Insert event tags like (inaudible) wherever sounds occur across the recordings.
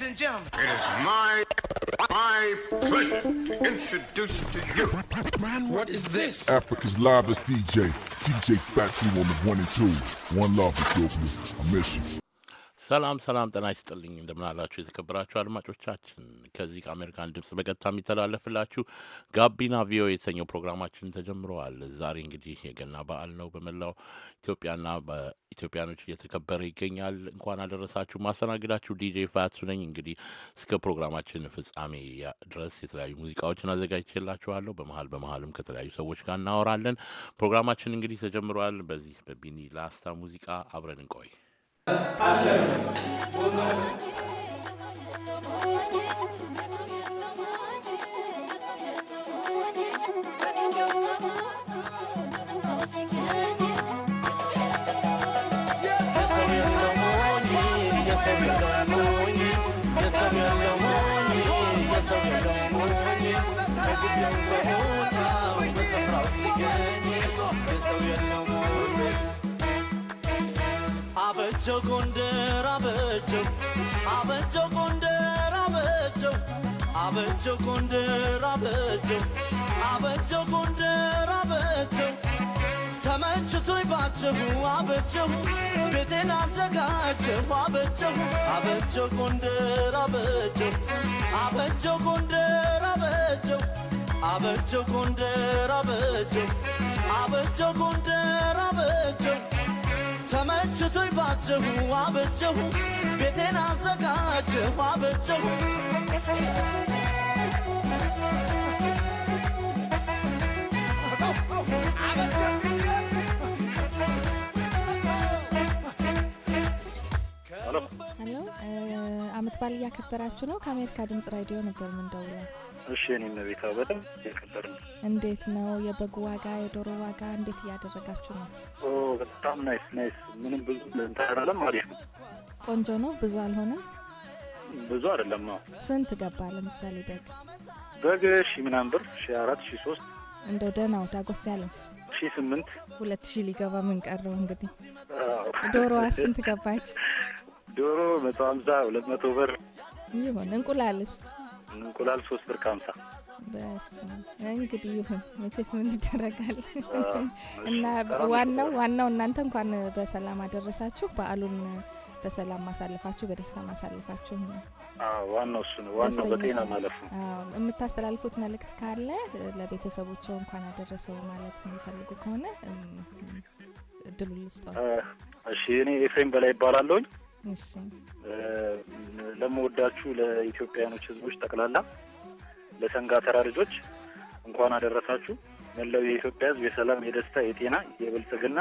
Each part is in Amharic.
ladies and gentlemen. It is my my pleasure to introduce to you. Man, what is this? Africa's livest DJ, DJ Factory on the one and two. One love, Ethiopia. I miss you. ሰላም ሰላም፣ ጤና ይስጥልኝ እንደምናላችሁ የተከበራችሁ አድማጮቻችን፣ ከዚህ ከአሜሪካን ድምፅ በቀጥታ የሚተላለፍላችሁ ጋቢና ቪኦኤ የተሰኘው ፕሮግራማችን ተጀምረዋል። ዛሬ እንግዲህ የገና በዓል ነው። በመላው ኢትዮጵያና በኢትዮጵያኖች እየተከበረ ይገኛል። እንኳን አደረሳችሁ። ማስተናግዳችሁ ዲጄ ፋያቱ ነኝ። እንግዲህ እስከ ፕሮግራማችን ፍጻሜ ድረስ የተለያዩ ሙዚቃዎችን አዘጋጅቼላችኋለሁ። በመሀል በመሀልም ከተለያዩ ሰዎች ጋር እናወራለን። ፕሮግራማችን እንግዲህ ተጀምረዋል። በዚህ በቢኒ ላስታ ሙዚቃ አብረን እንቆይ። Achando. Tá Boa noite. አበጀው ጎንደር አበጀው አበጀው ጎንደር አበጀው አበጀው ጎንደር አበጀው ተመችቶኝ ባጀሁ አበጀሁ ቤቴን አዘጋጀሁ አበጀሁ አበጀው ጎንደር አበጀው አበጀው ጎንደር አበጀው አበጀው ጎንደር አበጀው አበጀው ጎንደር አበጀው ተመችቶኝ ባጀሁ አበጀሁ ቤቴን አዘጋጀሁ አበጀሁ አመት በዓል እያከበራችሁ ነው? ከአሜሪካ ድምጽ ራዲዮ ነበር ምንደውለው እሺ እኔ መቤታ በጣም ያከበር ነው። እንዴት ነው የበግ ዋጋ የዶሮ ዋጋ እንዴት እያደረጋችሁ ነው? በጣም ናይስ ናይስ። ምንም ብዙ እንታራለም አሪፍ ነው። ቆንጆ ነው። ብዙ አልሆነም። ብዙ አይደለም። ስንት ገባ ለምሳሌ በግ በግ ሺ ምናምን ብር ሺ አራት ሺ ሶስት እንደው ደህናው ዳጎስ ያለው ሺ ስምንት ሁለት ሺ ሊገባ ምን ቀረው እንግዲህ። ዶሮዋ ስንት ገባች? ዶሮ መቶ ሀምሳ ሁለት መቶ ብር ይሆን። እንቁላልስ እንቁላል ሶስት ብር ከሀምሳ በስመ እንግዲህ ይሁን መቼስ ምን ይደረጋል። እና ዋናው ዋናው እናንተ እንኳን በሰላም አደረሳችሁ በዓሉን በሰላም ማሳለፋችሁ በደስታ ማሳለፋችሁ ነው። ዋናው እሱ ነው። ዋናው በጤና ማለፍ ነው። የምታስተላልፉት መልእክት ካለ ለቤተሰቦቸው እንኳን አደረሰው ማለት የሚፈልጉ ከሆነ እድሉ ልስጠው። እሺ፣ እኔ ኤፍሬም በላይ ይባላለሁኝ። ለምወዳችሁ ለኢትዮጵያውያኖች ህዝቦች ጠቅላላ ለሰንጋተራ ልጆች እንኳን አደረሳችሁ። መላው የኢትዮጵያ ህዝብ የሰላም፣ የደስታ፣ የጤና፣ የብልጽግና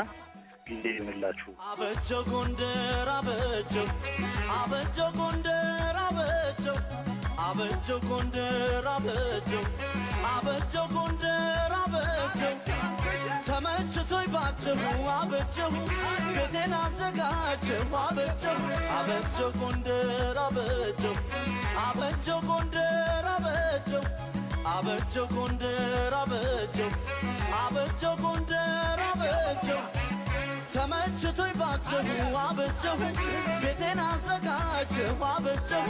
ጊዜ ይምላችሁ። አበጀ ጎንደር፣ አበጀው አበጀ ጎንደር፣ አበጀው አበጀ ጎንደር፣ አበጀው አበጀው ጎንደር፣ አበጀው አበጀሁ አበጀሁ ቤቴን አዘጋጀሁ አበጀሁ አበጀሁ ጎንደር አበጀሁ አበጀሁ ጎንደር አበጀሁ አበጀሁ ጎንደር አበጀሁ አበጀሁ ጎንደር አበጀሁ ተመችቶኝ ባጀሁ አበጀሁ ቤቴን አዘጋጀሁ አበጀሁ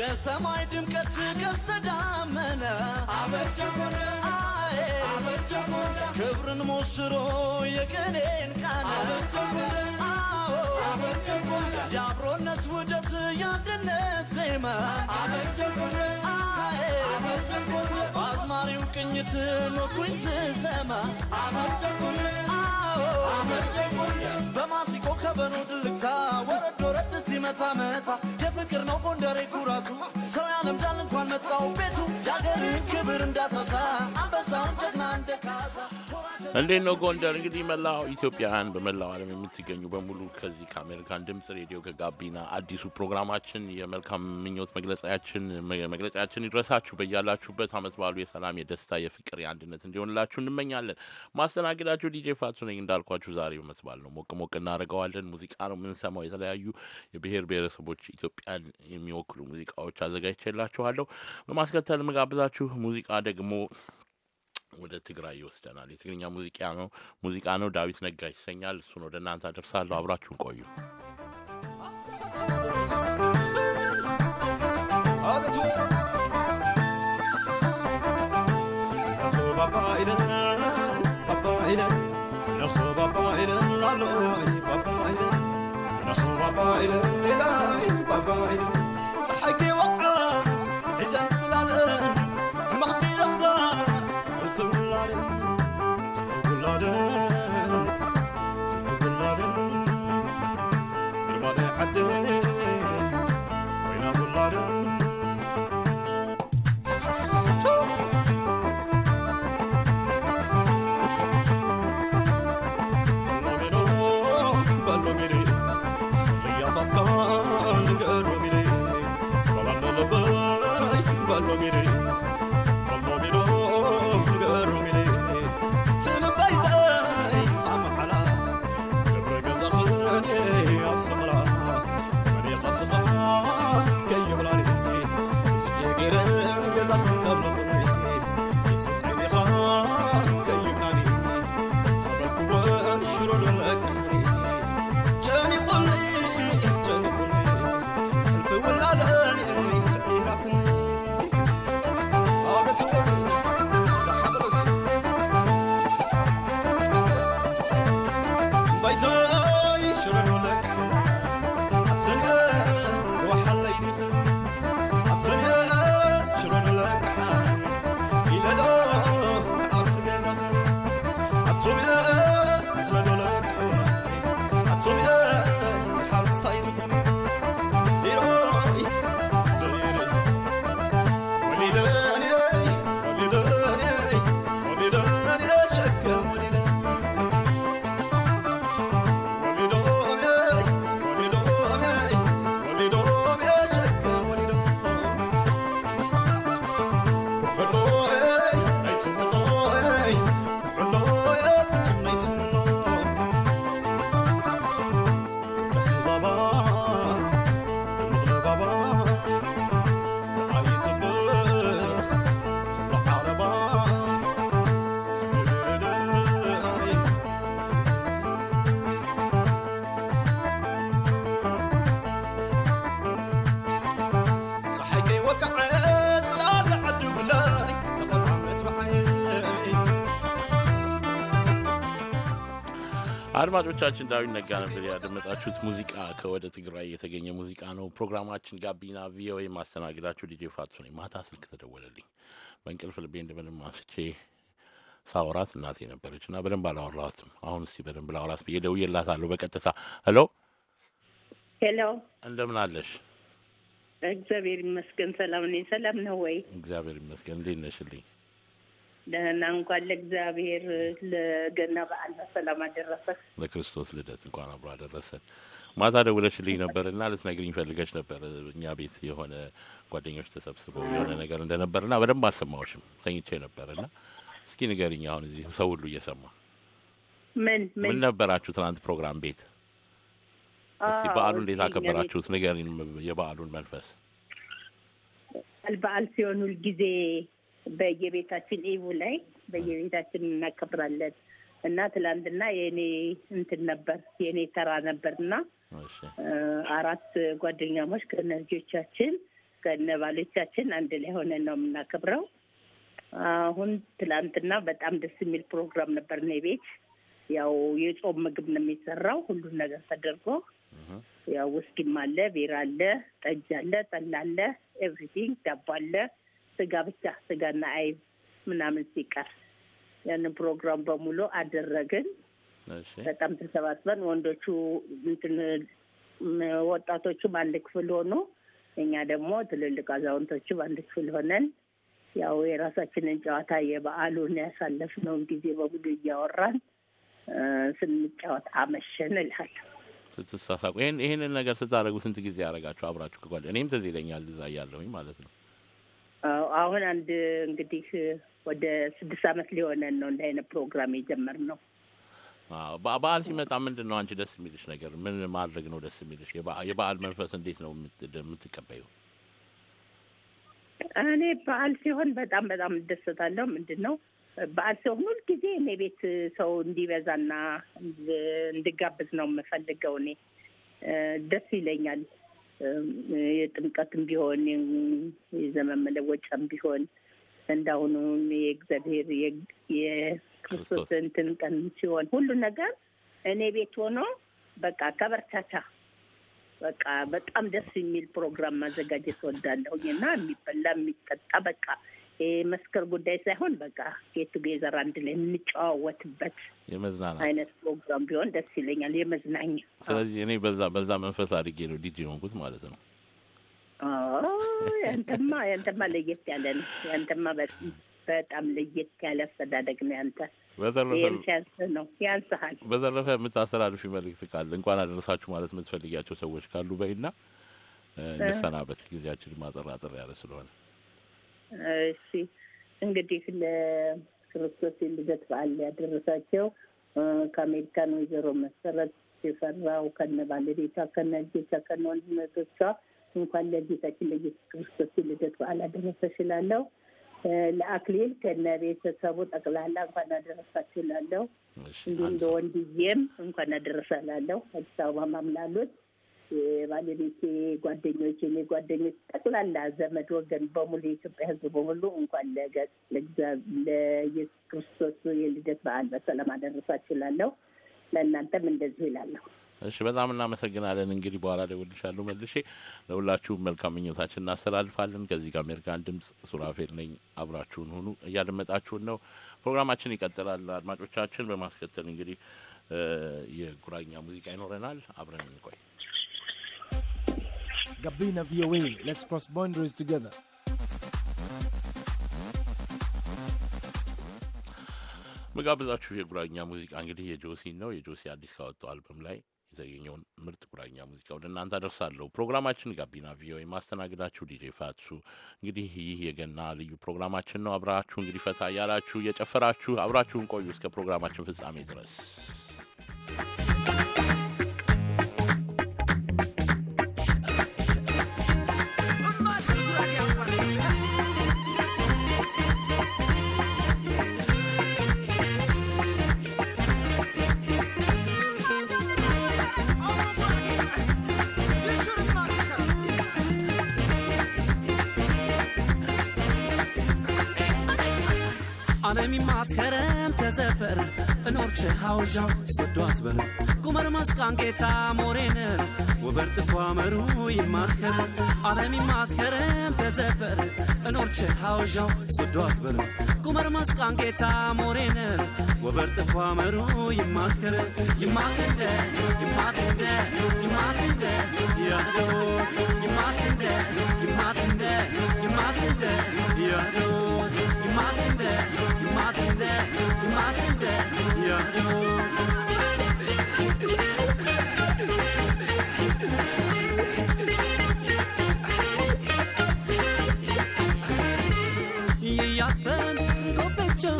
የሰማይ ድምቀት ከስተ ደመና አበጀጎነ አይ አበጀጎነ ክብርን ሞሽሮ የቅኔን ቃና አበጀጎነ አዎ አበጀጎነ የአብሮነት ውደት የአንድነት ዜማ አበጀጎነ አይ አበጀጎነ በአዝማሪው ቅኝት ኖኩኝ ስሰማ አበጀጎነ አዎ በማሲቆ ከበኖ ድልቅታ ወረድ ወረድ ሲመታ መታ ፍቅር ነው ጎንደሬ ኩራቱ ሰው ያለምዳል እንኳን መጣው ቤቱ የአገርህን ክብር እንዳትረሳ እንዴት ነው ጎንደር? እንግዲህ መላው ኢትዮጵያውያን በመላው ዓለም የምትገኙ በሙሉ ከዚህ ከአሜሪካን ድምፅ ሬዲዮ ከጋቢና አዲሱ ፕሮግራማችን የመልካም ምኞት መግለጫችን ይድረሳችሁ። በያላችሁበት አመት ባሉ የሰላም፣ የደስታ፣ የፍቅር፣ የአንድነት እንዲሆንላችሁ እንመኛለን። ማስተናገዳችሁ ዲጄ ፋቱ ነኝ። እንዳልኳችሁ ዛሬ መት በዓል ነው፣ ሞቅ ሞቅ እናደርገዋለን። ሙዚቃ ነው የምንሰማው። የተለያዩ የብሔር ብሔረሰቦች ኢትዮጵያን የሚወክሉ ሙዚቃዎች አዘጋጅቼላችኋለሁ። በማስከተል ምጋብዛችሁ ሙዚቃ ደግሞ ወደ ትግራይ ይወስደናል። የትግርኛ ሙዚቃ ነው ሙዚቃ ነው። ዳዊት ነጋ ይሰኛል። እሱን ወደ እናንተ አደርሳለሁ። አብራችሁን ቆዩ። Bye-bye. አድማጮቻችን ዳዊት ነጋ ነበር ያደመጣችሁት። ሙዚቃ ከወደ ትግራይ የተገኘ ሙዚቃ ነው። ፕሮግራማችን ጋቢና ቪኦኤ ማስተናግዳችሁ ዲጄ ፋቱ ነኝ። ማታ ስልክ ተደወለልኝ። በእንቅልፍ ልቤ እንደምንም አንስቼ ሳወራት እናቴ ነበረች እና በደንብ አላወራትም። አሁን እስቲ በደንብ ላወራት ብዬ ደውዬላታለሁ በቀጥታ። ሄሎ ሄሎ፣ እንደምን አለሽ? እግዚአብሔር ይመስገን ሰላም ነኝ። ሰላም ነው ወይ? እግዚአብሔር ይመስገን። እንዴት ነሽልኝ? ደህና እንኳን ለእግዚአብሔር ለገና በዓል በሰላም አደረሰ። ለክርስቶስ ልደት እንኳን አብሮ አደረሰ። ማታ ደውለሽልኝ ነበርና ልትነግሪኝ ፈልገች ነበር። እኛ ቤት የሆነ ጓደኞች ተሰብስበው የሆነ ነገር እንደነበር እንደነበርና በደንብ አልሰማዎሽም። ተኝቼ ነበር ነበርና እስኪ ንገሪኝ። አሁን እዚህ ሰው ሁሉ እየሰማ ምን ምን ነበራችሁ ትናንት ፕሮግራም ቤት? እስቲ በዓሉ እንዴት አከበራችሁት? ንገሪን የበዓሉን መንፈስ። በዓል ሲሆን ሁልጊዜ በየቤታችን ኢቡ ላይ በየቤታችን እናከብራለን እና ትላንትና የእኔ እንትን ነበር የእኔ ተራ ነበር እና አራት ጓደኛሞች ከነ ልጆቻችን ከነ ባሎቻችን አንድ ላይ ሆነን ነው የምናከብረው። አሁን ትላንትና በጣም ደስ የሚል ፕሮግራም ነበር። እኔ ቤት ያው የጾም ምግብ ነው የሚሰራው። ሁሉም ነገር ተደርጎ ያው ውስኪም አለ፣ ቢራ አለ፣ ጠጅ አለ፣ ጠላ አለ፣ ኤቭሪቲንግ ዳቦ አለ። ስጋ ብቻ ስጋና አይብ ምናምን ሲቀር ያንን ፕሮግራም በሙሉ አደረግን። በጣም ተሰባስበን ወንዶቹ እንትን ወጣቶቹም አንድ ክፍል ሆኖ እኛ ደግሞ ትልልቅ አዛውንቶቹ በአንድ ክፍል ሆነን ያው የራሳችንን ጨዋታ የበዓሉን ያሳለፍነውን ጊዜ በሙሉ እያወራን ስንጫወት አመሸን እልሃለሁ። ስትሳሳቁ ይህንን ነገር ስታደርጉ ስንት ጊዜ ያደረጋችሁ አብራችሁ ከጓደ እኔም ትዝ ይለኛል እዛ እያለሁኝ ማለት ነው አሁን አንድ እንግዲህ ወደ ስድስት አመት ሊሆነን ነው እንዲህ አይነት ፕሮግራም የጀመርነው። በዓል ሲመጣ ምንድን ነው አንቺ ደስ የሚልሽ ነገር? ምን ማድረግ ነው ደስ የሚልሽ? የበዓል መንፈስ እንዴት ነው የምትቀበዩ? እኔ በዓል ሲሆን በጣም በጣም እደሰታለሁ። ምንድን ነው በዓል ሲሆን ሁልጊዜ እኔ ቤት ሰው እንዲበዛና እንድጋብዝ ነው የምፈልገው። እኔ ደስ ይለኛል። የጥምቀትም ቢሆን የዘመን መለወጫም ቢሆን እንዳሁኑ የእግዚአብሔር የክርስቶስ እንትን ቀን ሲሆን ሁሉ ነገር እኔ ቤት ሆኖ በቃ ከበርታታ በቃ በጣም ደስ የሚል ፕሮግራም ማዘጋጀት ወዳለሁኝ እና የሚበላ የሚጠጣ በቃ የመስከር ጉዳይ ሳይሆን በቃ ጌቱ ጌዘር አንድ ላይ የምንጨዋወትበት የመዝናናት አይነት ፕሮግራም ቢሆን ደስ ይለኛል። የመዝናኝ ስለዚህ እኔ በዛ በዛ መንፈስ አድጌ ነው ዲጂ ሆንኩት ማለት ነው። ያንተማ ያንተማ ለየት ያለ ነው። ያንተማ በጣም ለየት ያለ አስተዳደግ ነው ያንተ። በተረፈ የምታስተላልፊ መልዕክት ካለ እንኳን አደረሳችሁ ማለት የምትፈልጊያቸው ሰዎች ካሉ በይና እንሰናበት። ጊዜያችን ማጠራጠር ያለ ስለሆነ እሺ እንግዲህ ለክርስቶስ የልደት በዓል ያደረሳቸው ከአሜሪካን ወይዘሮ መሰረት የፈራው ከነ ባለቤቷ ከነ ልጆቿ ከነ ወንድመቶቿ እንኳን ለጌታችን ለኢየሱስ ክርስቶስ የልደት በዓል አደረሰሽ እላለሁ። ለአክሊል ከነ ቤተሰቡ ጠቅላላ እንኳን አደረሳችሁ እላለሁ። እንዲሁም ለወንድዬም እንኳን አደረሳ እላለሁ። አዲስ አበባ ማምላሉት የባለቤቴ ጓደኞች፣ የኔ ጓደኞች፣ ጠቅላላ ዘመድ ወገን በሙሉ የኢትዮጵያ ሕዝብ በሙሉ እንኳን ለኢየሱስ ክርስቶስ የልደት በዓል በሰላም አደረሳችሁ እላለሁ። ለእናንተም እንደዚሁ ይላለሁ። እሺ፣ በጣም እናመሰግናለን። እንግዲህ በኋላ ደውልልሻለሁ መልሼ። ለሁላችሁም መልካም ምኞታችን እናስተላልፋለን። ከዚህ ከአሜሪካን ድምጽ ሱራፌል ነኝ። አብራችሁን ሁኑ። እያደመጣችሁን ነው። ፕሮግራማችን ይቀጥላል። አድማጮቻችን፣ በማስከተል እንግዲህ የጉራኛ ሙዚቃ ይኖረናል። አብረን እንቆይ። ጋቢና ቪኦኤ Let's cross boundaries together. መጋበዛችሁ የጉራኛ ሙዚቃ እንግዲህ የጆሲ ነው። የጆሲ አዲስ ካወጣው አልበም ላይ የተገኘውን ምርጥ ጉራኛ ሙዚቃ ወደ እናንተ አደርሳለሁ። ፕሮግራማችን ጋቢና ቪኦኤ የማስተናግዳችሁ ዲጄ ፋትሱ። እንግዲህ ይህ የገና ልዩ ፕሮግራማችን ነው። አብራችሁ እንግዲህ ፈታ እያላችሁ እየጨፈራችሁ አብራችሁን ቆዩ እስከ ፕሮግራማችን ፍጻሜ ድረስ። ከረም ተዘበረ እኖርች ሐውዣው ሰዶ አትበረ ቁመር መስቃን ጌታ ሞሬነ ወበር ጥፎ አመሩ ይማትከረ አለሚ ማትከረም ተዘበረ እኖርች ሐውዣው ሰዶ አትበረ ቁመር መስቃን ጌታ ወበር ጥፎ አመሩ ይማትከረ ይማትንደ ይማትንደ ይማትንደ ያዶት ይማትንደ ይማትንደ ይማትንደ ያዶት Yiyyaatan kophecha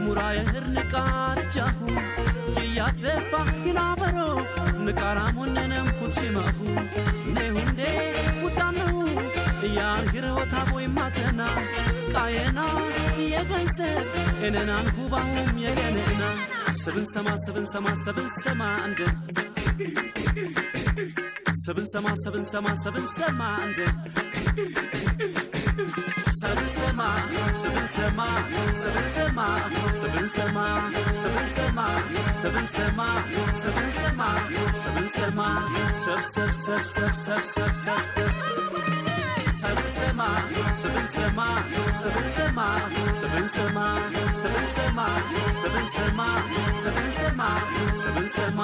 muraa irra qaarjahu yiyyaaddeeffa hinaabaroo niqaaraamuun neneen kutsimafu ne hundee mutaanuu. Iar hirota voi matena Kaena yegansef enenan hubahum yegenena Seven sama seven sama seven sama and Seven sama seven sama seven sama and Seven sama seven sama seven sama seven sama seven sama seven sama seven sama seven sama sub sub sub sub sub sub sub sub ስብንሰማ ስብንሰማ ስብንሰማ ስብንሰማ ስብንሰማ ስብንሰማ ስብንሰማ ስብንሰማ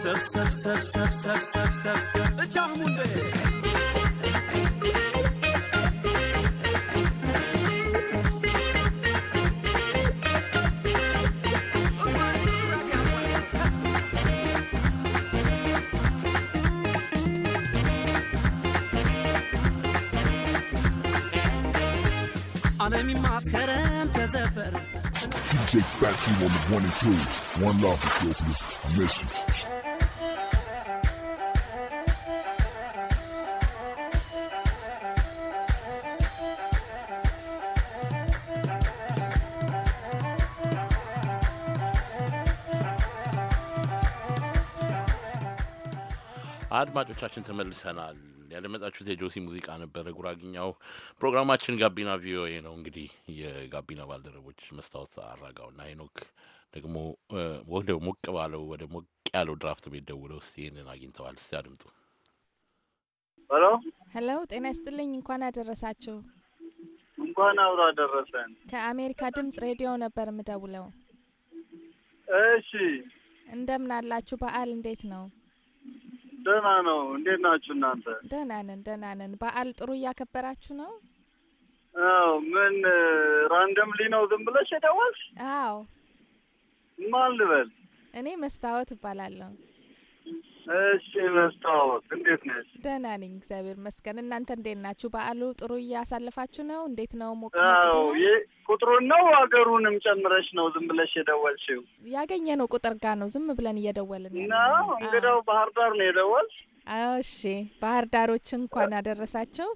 ሰብሰብሰብሰብሰብሰብሰብ እጃሙንደ በሚማት ከረም ተዘፈረ DJ Fatu on the one and two. One love, Ethiopia. Miss you. አድማጮቻችን ተመልሰናል። ያደመጣችሁት የጆሲ ሙዚቃ ነበረ። ጉራግኛው ፕሮግራማችን ጋቢና ቪኦኤ ነው። እንግዲህ የጋቢና ባልደረቦች መስታወት አራጋውና ሄኖክ ደግሞ ወደ ሞቅ ባለው ወደ ሞቅ ያለው ድራፍት ቤት ደውለው እስኪ ይህንን አግኝተዋል። እስኪ አድምጡ። ሄሎ ሄሎ፣ ጤና ይስጥልኝ። እንኳን አደረሳችሁ። እንኳን አብሮ አደረሰን። ከአሜሪካ ድምጽ ሬዲዮ ነበር የምደውለው። እሺ፣ እንደምን አላችሁ? በዓል እንዴት ነው? ደህና ነው። እንዴት ናችሁ እናንተ? ደህና ነን፣ ደህና ነን። በዓል ጥሩ እያከበራችሁ ነው? አዎ። ምን ራንደምሊ ነው ዝም ብለሽ የደወልሽ? አዎ። ማን ልበል? እኔ መስታወት እባላለሁ። እሺ መስታወት እንዴት ነች? ደህና ነኝ እግዚአብሔር ይመስገን። እናንተ እንዴት ናችሁ? በዓሉ ጥሩ እያሳለፋችሁ ነው? እንዴት ነው? ሞቅ ቁጥሩን ነው አገሩንም ጨምረሽ ነው ዝም ብለሽ የደወልሽው? ያገኘ ነው ቁጥር ጋር ነው ዝም ብለን እየደወልን ነው። እንግዳው ባህር ዳር ነው የደወልሽ? እሺ ባህር ዳሮች እንኳን አደረሳቸው።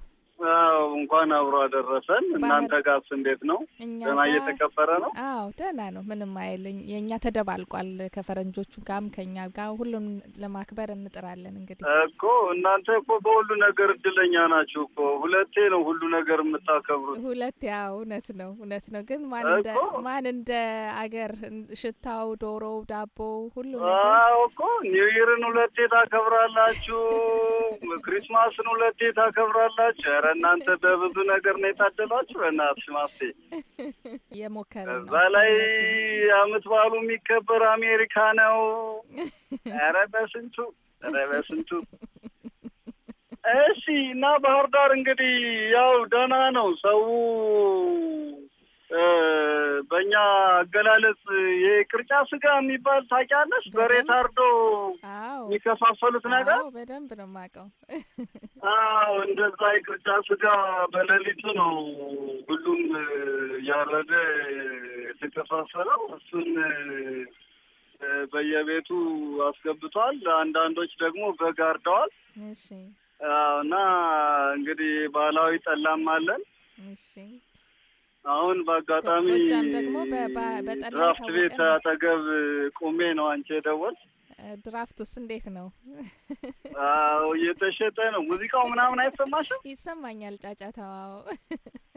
እንኳን አብሮ አደረሰን። እናንተ ጋርስ እንዴት ነው? ደህና እየተከበረ ነው? አዎ ደህና ነው፣ ምንም አይልኝ። የእኛ ተደባልቋል ከፈረንጆቹ ጋም ከኛ ጋር ሁሉም ለማክበር እንጥራለን። እንግዲህ እኮ እናንተ እኮ በሁሉ ነገር እድለኛ ናችሁ እኮ ሁለቴ ነው ሁሉ ነገር የምታከብሩት። ሁለቴ ያው እውነት ነው፣ እውነት ነው። ግን ማን እንደ ማን እንደ አገር ሽታው፣ ዶሮው፣ ዳቦ ሁሉ ነገር። እኮ ኒውይርን ሁለቴ ታከብራላችሁ፣ (laughs) ክሪስማስን ሁለቴ ታከብራላችሁ። እናንተ በብዙ ነገር ነው የታደሏችሁ። በእናትሽ ማስቴ የሞከረ እዛ ላይ አመት በዓሉ የሚከበር አሜሪካ ነው። (laughs) ኧረ በስንቱ ኧረ በስንቱ እሺ። እና ባህር ዳር እንግዲህ ያው ደህና ነው ሰው በእኛ አገላለጽ የቅርጫ ስጋ የሚባል ታውቂያለሽ? በሬ ታርዶ የሚከፋፈሉት ነገር በደንብ ነው የማውቀው። (laughs) አዎ እንደዛ የቅርጫ ስጋ በሌሊቱ ነው ሁሉም ያረደ የተከፋፈለው። እሱን በየቤቱ አስገብቷል። አንዳንዶች ደግሞ በግ አርደዋል። እና እንግዲህ ባህላዊ ጠላም አለን። አሁን በአጋጣሚ ድራፍት ቤት አጠገብ ቁሜ ነው አንቺ ደወል ድራፍት ውስጥ እንዴት ነው? (laughs) አዎ እየተሸጠ ነው። ሙዚቃው ምናምን አይሰማሽም? ይሰማኛል። ጫጫታው (laughs)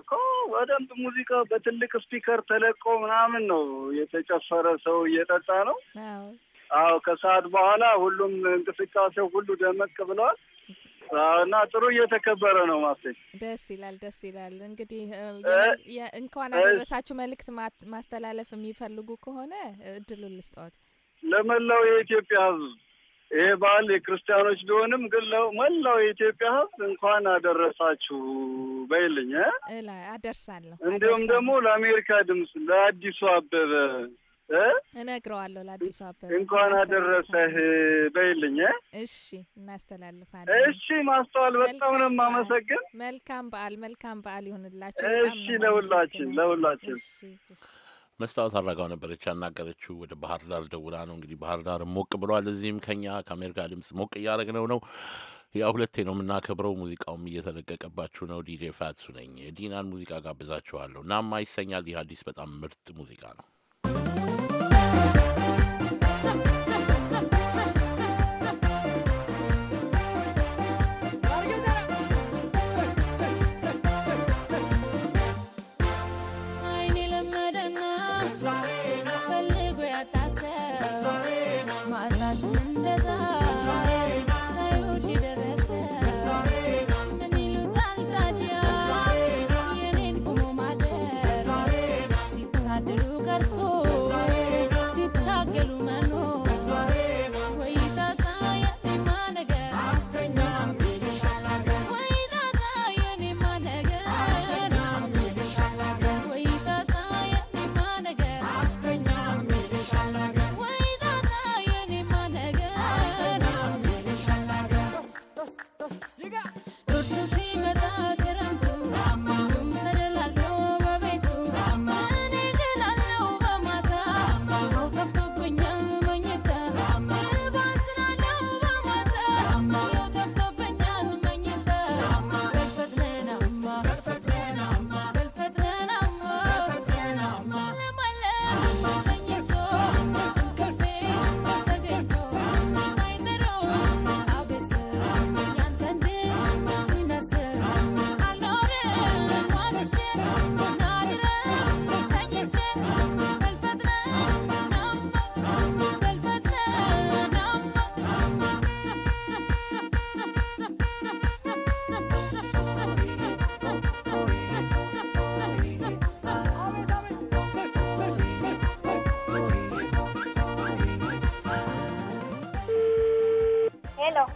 እኮ በደንብ ሙዚቃ በትልቅ ስፒከር ተለቆ ምናምን ነው የተጨፈረ። ሰው እየጠጣ ነው። አዎ ከሰዓት በኋላ ሁሉም እንቅስቃሴው ሁሉ ደመቅ ብለዋል። እና ጥሩ እየተከበረ ነው። ማስተኝ ደስ ይላል፣ ደስ ይላል። እንግዲህ እንኳን አደረሳችሁ መልእክት ማስተላለፍ የሚፈልጉ ከሆነ እድሉን ልስጠዎት። ለመላው የኢትዮጵያ ሕዝብ ይሄ በዓል የክርስቲያኖች ቢሆንም ግን መላው የኢትዮጵያ ሕዝብ እንኳን አደረሳችሁ በይልኝ አደርሳለሁ። እንዲሁም ደግሞ ለአሜሪካ ድምፅ ለአዲሱ አበበ እነግረዋለሁ ለአዲሱ አበበ እንኳን አደረሰህ በይልኝ። እሺ፣ እናስተላልፋለን። እሺ፣ ማስተዋል በጣም ነው የማመሰግን። መልካም በዓል መልካም በዓል ይሁንላቸው። እሺ፣ ለሁላችን ለሁላችን። መስታወት አድረጋው ነበረች ያናገረችው። ወደ ባህር ዳር ደውላ ነው እንግዲህ። ባህር ዳር ሞቅ ብሏል። እዚህም ከኛ ከአሜሪካ ድምፅ ሞቅ እያደረግነው ነው። ያ ሁለቴ ነው የምናከብረው። ሙዚቃውም እየተለቀቀባችሁ ነው። ዲጄ ፋትሱ ነኝ። ዲናን ሙዚቃ ጋብዛችኋለሁ። ናማ ይሰኛል። ይህ አዲስ በጣም ምርጥ ሙዚቃ ነው።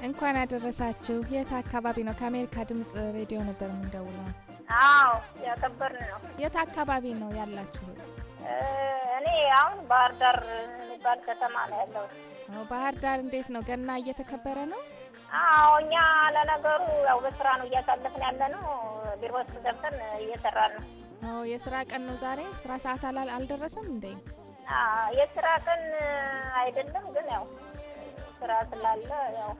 እንኳን አደረሳችሁ። የት አካባቢ ነው? ከአሜሪካ ድምጽ ሬዲዮ ነበር የምንደውለው። አዎ ያከበርን ነው። የት አካባቢ ነው ያላችሁ? እኔ አሁን ባህር ዳር የሚባል ከተማ ነው ያለው። ባህር ዳር እንዴት ነው? ገና እየተከበረ ነው? አዎ እኛ ለነገሩ ያው በስራ ነው እያሳለፍን ያለ ነው። ቢሮ ውስጥ ገብተን እየሰራን ነው። የስራ ቀን ነው ዛሬ። ስራ ሰዓት አልደረሰም እንዴ? የስራ ቀን አይደለም ግን ያው ስራ ስላለ ያው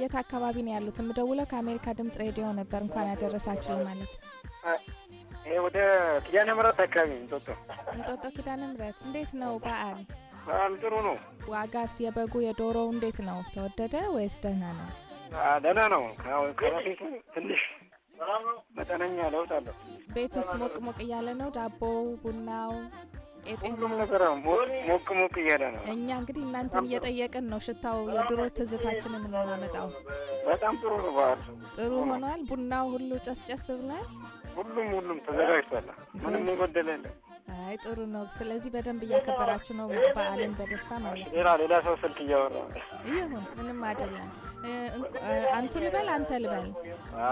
የት አካባቢ ነው ያሉት? የምደውለው ከአሜሪካ ድምጽ ሬዲዮ ነበር። እንኳን ያደረሳችሁ ማለት ወደ ኪዳነ ምሕረት አካባቢ እንጦጦ እንጦጦ ኪዳነ ምሕረት። እንዴት ነው በዓል? በዓል ጥሩ ነው። ዋጋስ የበጉ የዶሮው እንዴት ነው? ተወደደ ወይስ ደህና ነው? ደህና ነው። ከበፊቱ ትንሽ መጠነኛ ለውጥ አለው። ቤቱስ ሞቅ ሞቅ እያለ ነው? ዳቦው ቡናው ሁሉም ነገር ሞቅ ሞቅ እያለ ነው። እኛ እንግዲህ እናንተን እየጠየቅን ነው። ሽታው የድሮ ትዝታችንን የምናመጣው በጣም ጥሩ ነው። በዓል ጥሩ ሆኗል። ቡናው ሁሉ ጨስጨስ ብሏል። ሁሉም ሁሉም ተዘጋጅቷል። ምንም የጎደለ የለም። አይ ጥሩ ነው። ስለዚህ በደንብ እያከበራችሁ ነው በዓልን በደስታ ማለት ነው። ሌላ ሌላ ሰው ስልክ እያወራ ይሁን ምንም አይደለም። አንቱ ልበል አንተ ልበል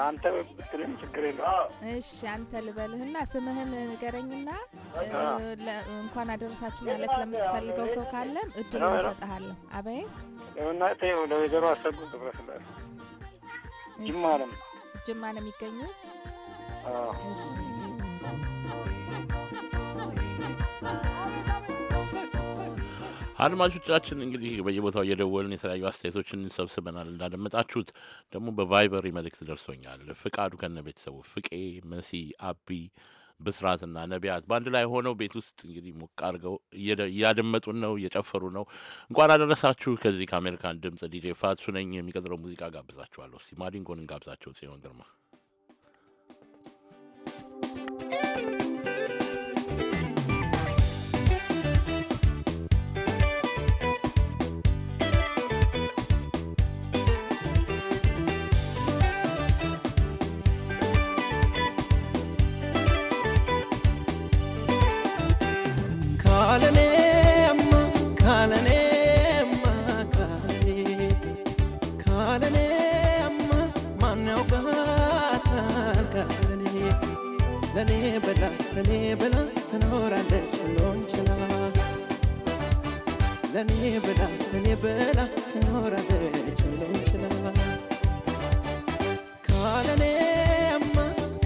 አንተ ብትልም ችግር የለውም። እሺ አንተ ልበልህና ስምህን ንገረኝና እንኳን አደረሳችሁ ማለት ለምትፈልገው ሰው ካለም እድሉ እሰጥሃለሁ። አበይ ለምናተ ለወይዘሮ አሰጉ ገብረስላሴ ጅማ ነው ጅማ ነው የሚገኙ እሺ አድማጮቻችን እንግዲህ በየቦታው እየደወልን የተለያዩ አስተያየቶችን ሰብስበናል። እንዳደመጣችሁት ደግሞ በቫይበሪ መልእክት ደርሶኛል። ፍቃዱ ከነ ቤተሰቡ ፍቄ፣ መሲ፣ አቢ ብስራትና ነቢያት በአንድ ላይ ሆነው ቤት ውስጥ እንግዲህ ሞቅ አድርገው እያደመጡን ነው፣ እየጨፈሩ ነው። እንኳን አደረሳችሁ። ከዚህ ከአሜሪካን ድምፅ ዲጄ ፋቱ ነኝ። የሚቀጥለው ሙዚቃ ጋብዛችኋለሁ። ሲማዲንጎን እንጋብዛቸው ጽዮን ግርማ ከኔ በላ ከኔ በላ ትኖራለች ሎንችላ ለኔ በላ ለኔ በላ ትኖራለች ሎንችላ ካለኔማ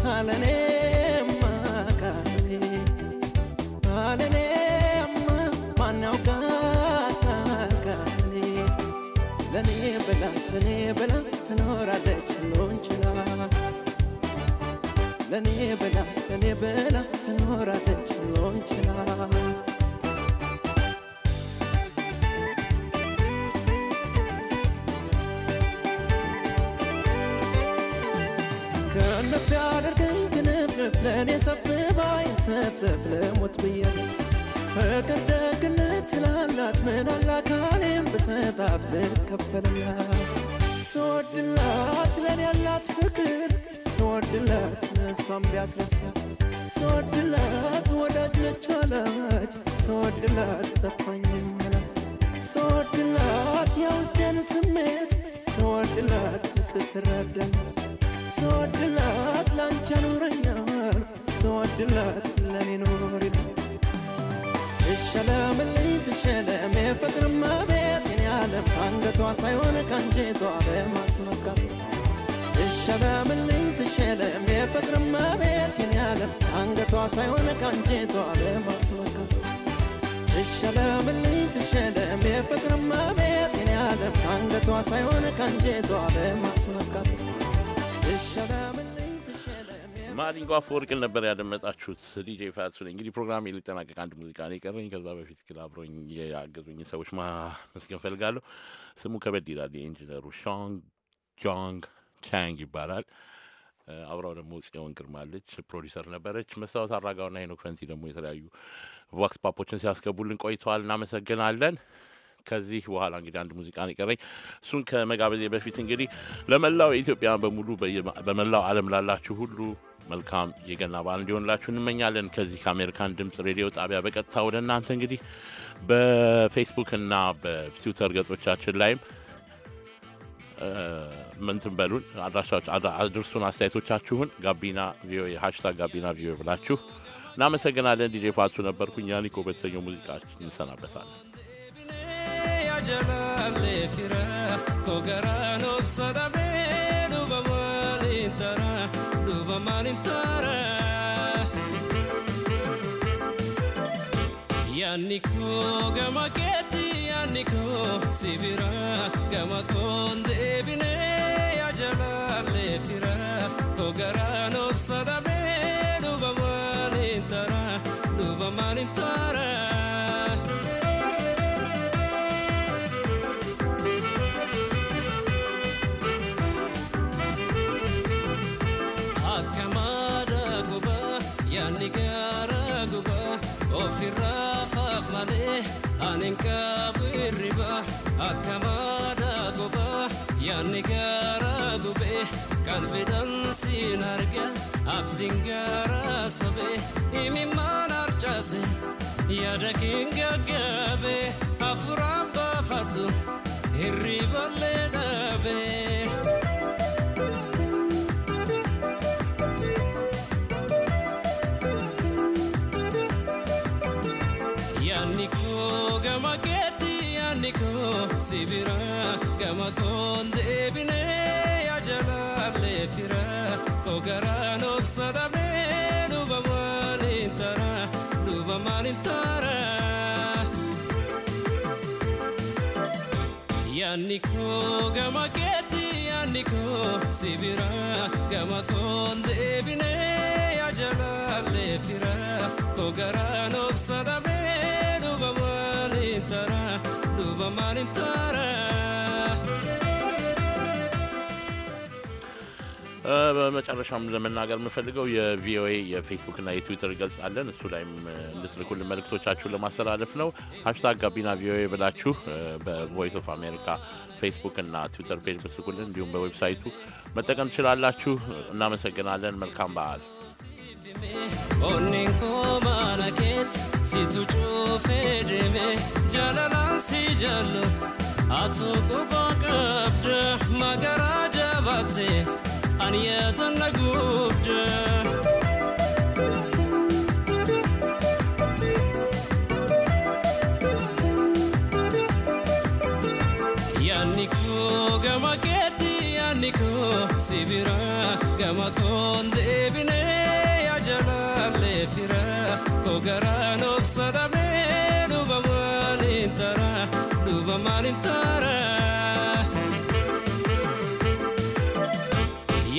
ካለኔማ ካለኔ ካለኔማ ካለኔ ለኔ በላ በላ ትኖራለች ሎንችላ ለኔ ብላ ለኔ ብላ ትኖራለች ሎን ይችላል ከልብ ያደርገኝ ክንፍንፍ ለእኔ ሰፍ ባይን ሰብሰብ ልሙት ብዬ ፍቅር ደግነት ስላላት ምን አላካሌም ብሰጣት ብከፈልላት ስወድላት ለኔ ያላት ፍቅር ስወድለት እሷም ቢያስረሳት ስወድለት ወዳጅ ነች አለች ስወድለት ጠፋኝ ምላት ስወድለት የውስጤን ስሜት ስወድለት ስትረዳኝ ስወድለት ላንቺ ኑረኛል ስወድለት ለኔ ኖሪ ትሸለምልኝ ትሸለም የፍቅርማ ቤት ያለም አንገቷ ሳይሆን ካንጀቷ በማስመካቱ ሸለምልኝ ትሸለም የፍቅርማ ቤትን ያለም አንገቷ ሳይሆን ቃንጀቷ ለማስመከቱ ትሸለምልኝ ትሸለም አንገቷ ሳይሆን ቃንጀቷ ለማስመከቱ ማዲንጎ አፈወርቅን ነበር ያደመጣችሁት። ዲጄ ፋያሱ ነኝ። እንግዲህ ፕሮግራም ሊጠናቀቅ አንድ ሙዚቃ ነው የቀረኝ። ከዛ በፊት ግን አብሮኝ ያገዙኝ ሰዎች ማመስገን ፈልጋለሁ። ስሙ ከበድ ይላል። የኢንጂነሩ ሻንግ ጃንግ ቻንግ ይባላል። አብረው ደግሞ ጽዮን ልጅ ፕሮዲሰር ነበረች። መስታወት አራጋውና ሄኖክ ፈንቲ ደግሞ የተለያዩ ቫክስ ፓፖችን ሲያስገቡልን ቆይተዋል። እናመሰግናለን። ከዚህ በኋላ እንግዲህ አንድ ሙዚቃ ነው የቀረኝ። እሱን ከመጋበዜ በፊት እንግዲህ ለመላው የኢትዮጵያን በሙሉ በመላው ዓለም ላላችሁ ሁሉ መልካም የገና በዓል እንዲሆንላችሁ እንመኛለን። ከዚህ ከአሜሪካን ድምፅ ሬዲዮ ጣቢያ በቀጥታ ወደ እናንተ እንግዲህ በፌስቡክ እና በትዊተር ገጾቻችን ላይም ምንትን በሉን አድርሱን፣ አስተያየቶቻችሁን ጋቢና ቪኦኤ ሀሽታግ ጋቢና ቪኦኤ ብላችሁ እናመሰግናለን። ዲጄ ፋቱ ነበርኩኝ። ያኒኮ በተሰኘው ሙዚቃ እንሰናበታለን። ያኒኮ ገማቄ niko sibira gamaton debine ajala lefira kogara nobsada be duba malintara duba malintara akkamaada gobaa yaanni gaaraa gubee qalbiidhaan siin arga abdiin gaaraa sobee himimmaan harcaase yaada keenya gaabee hafuuraan baafadhu hirriballee dhaabee. si bira gamatoon deebinee yaajalalee kogaraan obsadamee duba maalintara duba maalintara. Yaanni koo gama keetti yaanni koo si bira kogaraan obsadamee. በመጨረሻም ለመናገር የምፈልገው የቪኦኤ የፌስቡክ ና የትዊተር ገጽ አለን። እሱ ላይም እንድትልኩልን መልእክቶቻችሁን ለማስተላለፍ ነው። ሀሽታግ ጋቢና ቪኦኤ ብላችሁ በቮይስ ኦፍ አሜሪካ ፌስቡክ እና ትዊተር ፔጅ ብትልኩልን፣ እንዲሁም በዌብሳይቱ መጠቀም ትችላላችሁ። እናመሰግናለን። መልካም በዓል። atu kuba qabda magara jabaate ani yaadonna guddaa. Yaanni koo gama keetti yaanni koo si gama koon deebinee yaa jalaalee fira koo garaan dhuba maaliin tara dhuba maaliin